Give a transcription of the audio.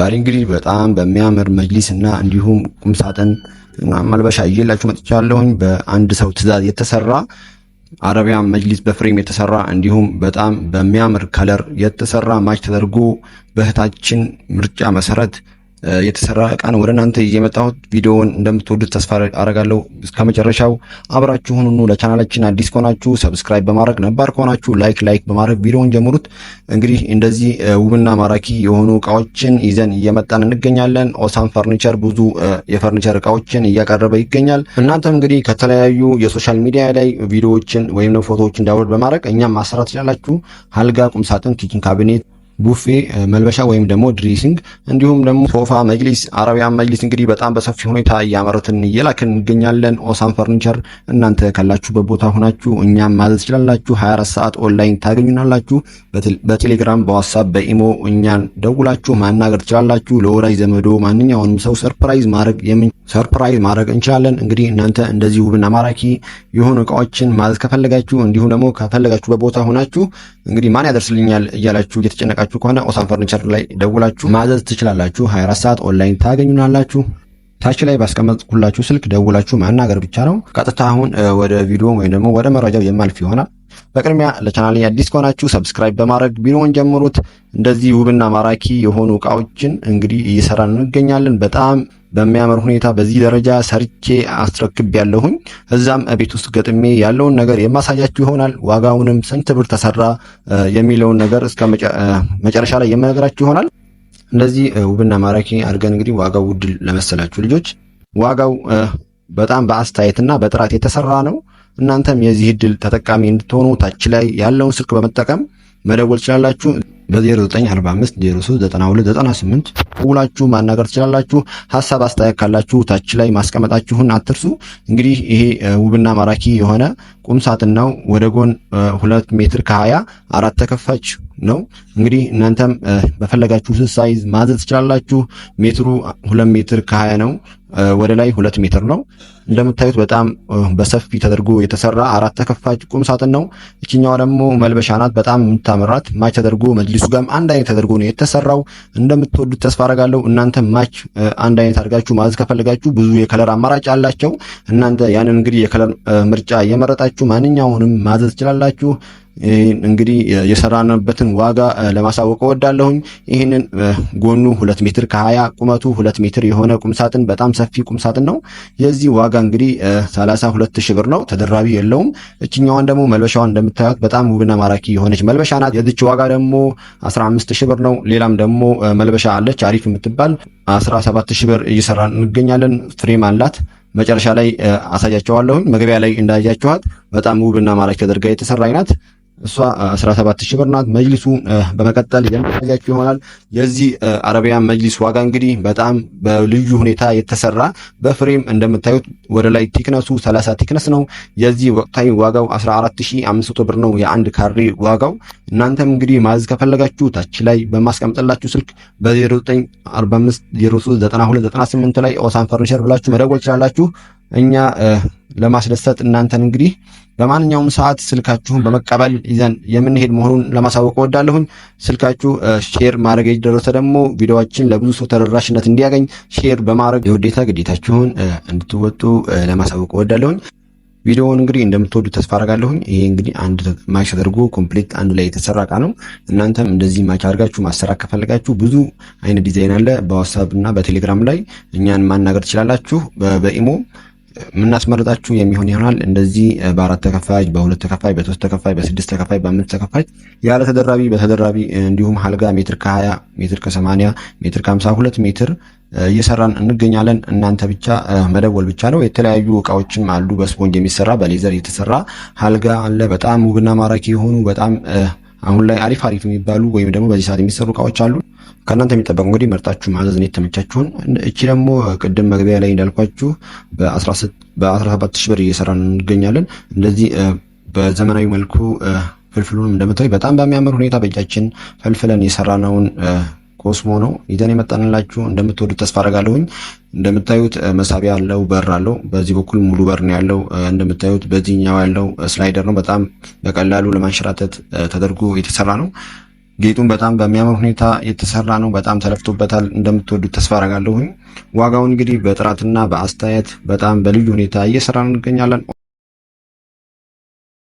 ዛሬ እንግዲህ በጣም በሚያምር መጅሊስ እና እንዲሁም ቁምሳጥን ማልበሻ እየላችሁ መጥቻለሁኝ። በአንድ ሰው ትዕዛዝ የተሰራ አረቢያን መጅሊስ በፍሬም የተሰራ እንዲሁም በጣም በሚያምር ከለር የተሰራ ማች ተደርጎ በእህታችን ምርጫ መሰረት የተሰራ እቃ ነው ወደ እናንተ እየመጣሁት። ቪዲዮውን እንደምትወዱት ተስፋ አረጋለሁ። እስከ መጨረሻው አብራችሁ ሁኑ። ለቻናላችን አዲስ ከሆናችሁ ሰብስክራይብ በማድረግ ነባር ከሆናችሁ ላይክ ላይክ በማድረግ ቪዲዮውን ጀምሩት። እንግዲህ እንደዚህ ውብና ማራኪ የሆኑ እቃዎችን ይዘን እየመጣን እንገኛለን። ኦሳም ፈርኒቸር ብዙ የፈርኒቸር እቃዎችን እያቀረበ ይገኛል። እናንተም እንግዲህ ከተለያዩ የሶሻል ሚዲያ ላይ ቪዲዮዎችን ወይም ፎቶዎችን ዳውንሎድ በማድረግ እኛም ማሰራት ትችላላችሁ። አልጋ፣ ቁምሳጥን፣ ኪችን ካቢኔት ቡፌ፣ መልበሻ ወይም ደግሞ ድሬሲንግ እንዲሁም ደግሞ ሶፋ፣ መጅሊስ፣ አረቢያን መጅሊስ እንግዲህ በጣም በሰፊ ሁኔታ እያመረትን እየላክን እንገኛለን። ኦሳም ፈርኒቸር እናንተ ካላችሁበት ቦታ ሁናችሁ እኛም ማዘዝ ትችላላችሁ። 24 ሰዓት ኦንላይን ታገኙናላችሁ። በቴሌግራም በዋትሳፕ በኢሞ እኛን ደውላችሁ ማናገር ትችላላችሁ። ለወዳጅ ዘመዶ ማንኛውንም ሰው ሰርፕራይዝ ማድረግ የምን ሰርፕራይዝ ማድረግ እንችላለን። እንግዲህ እናንተ እንደዚህ ውብና ማራኪ የሆኑ እቃዎችን ማዘዝ ከፈለጋችሁ እንዲሁም ደግሞ ከፈለጋችሁ በቦታ ሁናችሁ እንግዲህ ማን ያደርስልኛል እያላችሁ እየተጨነቃችሁ ያላችሁ ከሆነ ኦሳን ፈርኒቸር ላይ ደውላችሁ ማዘዝ ትችላላችሁ። 24 ሰዓት ኦንላይን ታገኙናላችሁ። ታች ላይ ባስቀመጥኩላችሁ ስልክ ደውላችሁ ማናገር ብቻ ነው። ቀጥታ አሁን ወደ ቪዲዮ ወይም ደግሞ ወደ መረጃው የማልፍ ይሆናል። በቅድሚያ ለቻናሌ አዲስ ከሆናችሁ ሰብስክራይብ በማድረግ ቢሮውን ጀምሩት። እንደዚህ ውብና ማራኪ የሆኑ እቃዎችን እንግዲህ እየሰራን እንገኛለን። በጣም በሚያምር ሁኔታ በዚህ ደረጃ ሰርቼ አስረክብ ያለሁኝ እዛም ቤት ውስጥ ገጥሜ ያለውን ነገር የማሳያችሁ ይሆናል። ዋጋውንም ስንት ብር ተሰራ የሚለውን ነገር እስከ መጨረሻ ላይ የምነግራችሁ ይሆናል። እንደዚህ ውብና ማራኪ አድርገን እንግዲህ ዋጋው ውድ ለመሰላችሁ ልጆች ዋጋው በጣም በአስተያየትና በጥራት የተሰራ ነው። እናንተም የዚህ እድል ተጠቃሚ እንድትሆኑ ታች ላይ ያለውን ስልክ በመጠቀም መደወል ትችላላችሁ በ0945 03 92 98 ውላችሁ ማናገር ትችላላችሁ። ሀሳብ አስተያየት ካላችሁ ታች ላይ ማስቀመጣችሁን አትርሱ። እንግዲህ ይሄ ውብና ማራኪ የሆነ ቁም ሳጥን ነው። ወደ ጎን ሁለት ሜትር ከሀያ አራት ተከፋች ነው። እንግዲህ እናንተም በፈለጋችሁ ሳይዝ ማዘዝ ትችላላችሁ። ሜትሩ ሁለት ሜትር ከሀያ ነው። ወደ ላይ ሁለት ሜትር ነው። እንደምታዩት በጣም በሰፊ ተደርጎ የተሰራ አራት ተከፋች ቁም ሳጥን ነው። እችኛዋ ደግሞ መልበሻ ናት። በጣም የምታምራት ማች ተደርጎ መጅሊሱ ጋም አንድ አይነት ተደርጎ ነው የተሰራው። እንደምትወዱት ተስፋ አረጋለሁ። እናንተ ማች አንድ አይነት አድርጋችሁ ማዘዝ ከፈልጋችሁ ብዙ የከለር አማራጭ አላቸው። እናንተ ያንን እንግዲህ የከለር ምርጫ የመረጣችሁ ማንኛውንም ማዘዝ ትችላላችሁ። እንግዲህ የሰራንበትን ዋጋ ለማሳወቅ እወዳለሁኝ። ይህንን ጎኑ ሁለት ሜትር ከሀያ ቁመቱ ሁለት ሜትር የሆነ ቁምሳጥን በጣም ሰፊ ቁምሳጥን ነው። የዚህ ዋጋ እንግዲህ ሰላሳ ሁለት ሺህ ብር ነው። ተደራቢ የለውም። እችኛዋን ደግሞ መልበሻዋን እንደምታዩት በጣም ውብና ማራኪ የሆነች መልበሻ ናት። የዚች ዋጋ ደግሞ አስራ አምስት ሺህ ብር ነው። ሌላም ደግሞ መልበሻ አለች አሪፍ የምትባል አስራ ሰባት ሺህ ብር እየሰራ እንገኛለን። ፍሬም አላት መጨረሻ ላይ አሳያቸዋለሁኝ። መግቢያ ላይ እንዳያቸዋት በጣም ውብና ማራኪ ተደርጋ የተሰራች ናት። እሷ 17 ሺህ ብር ናት። መጅሊሱ በመቀጠል የሚያሳያችሁ ይሆናል። የዚህ አረቢያን መጅሊስ ዋጋ እንግዲህ በጣም በልዩ ሁኔታ የተሰራ በፍሬም እንደምታዩት ወደ ላይ ቲክነሱ 30 ቲክነስ ነው። የዚህ ወቅታዊ ዋጋው 14500 ብር ነው የአንድ ካሬ ዋጋው። እናንተም እንግዲህ ማዘዝ ከፈለጋችሁ ታች ላይ በማስቀምጥላችሁ ስልክ በ0945 039298 ላይ ኦሳን ፈርኒቸር ብላችሁ መደወል ትችላላችሁ። እኛ ለማስደሰት እናንተን እንግዲህ በማንኛውም ሰዓት ስልካችሁን በመቀበል ይዘን የምንሄድ መሆኑን ለማሳወቅ እወዳለሁኝ። ስልካችሁ ሼር ማድረግ የደረሰ ደግሞ ቪዲዮዎችን ለብዙ ሰው ተደራሽነት እንዲያገኝ ሼር በማድረግ የውዴታ ግዴታችሁን እንድትወጡ ለማሳወቅ እወዳለሁኝ። ቪዲዮውን እንግዲህ እንደምትወዱ ተስፋ አረጋለሁኝ። ይሄ እንግዲህ አንድ ማች ተደርጎ ኮምፕሊት አንድ ላይ የተሰራ እቃ ነው። እናንተም እንደዚህ ማች አድርጋችሁ ማሰራት ከፈለጋችሁ ብዙ አይነት ዲዛይን አለ። በዋትሳፕ እና በቴሌግራም ላይ እኛን ማናገር ትችላላችሁ በኢሞ የምናስመርጣችሁ የሚሆን ይሆናል። እንደዚህ በአራት ተከፋዮች፣ በሁለት ተከፋይ፣ በሶስት ተከፋይ፣ በስድስት ተከፋይ፣ በአምስት ተከፋይ ያለ ተደራቢ በተደራቢ እንዲሁም ሀልጋ ሜትር ከ20 ሜትር ከ80 ሜትር ከ52 ሜትር እየሰራን እንገኛለን። እናንተ ብቻ መደወል ብቻ ነው። የተለያዩ እቃዎችም አሉ። በስፖንጅ የሚሰራ በሌዘር የተሰራ ሀልጋ አለ። በጣም ውብና ማራኪ የሆኑ በጣም አሁን ላይ አሪፍ አሪፍ የሚባሉ ወይም ደግሞ በዚህ ሰዓት የሚሰሩ እቃዎች አሉ። ከእናንተ የሚጠበቁ እንግዲህ መርጣችሁ ማዘዝ እኔ ተመቻችሁን። እቺ ደግሞ ቅድም መግቢያ ላይ እንዳልኳችሁ በ17 ሺህ ብር እየሰራ እንገኛለን። እንደዚህ በዘመናዊ መልኩ ፍልፍሉንም እንደምታይ በጣም በሚያምር ሁኔታ በእጃችን ፈልፍለን የሰራነውን ኮስሞ ነው ይዘን የመጣንላችሁ። እንደምትወዱ ተስፋ አደርጋለሁኝ። እንደምታዩት መሳቢያ አለው፣ በር አለው። በዚህ በኩል ሙሉ በር ነው ያለው። እንደምታዩት በዚህኛው ያለው ስላይደር ነው። በጣም በቀላሉ ለማንሸራተት ተደርጎ የተሰራ ነው። ጌጡን በጣም በሚያምር ሁኔታ የተሰራ ነው። በጣም ተለፍቶበታል። እንደምትወዱት ተስፋ አረጋለሁኝ። ዋጋው እንግዲህ በጥራትና በአስተያየት በጣም በልዩ ሁኔታ እየሰራ እንገኛለን።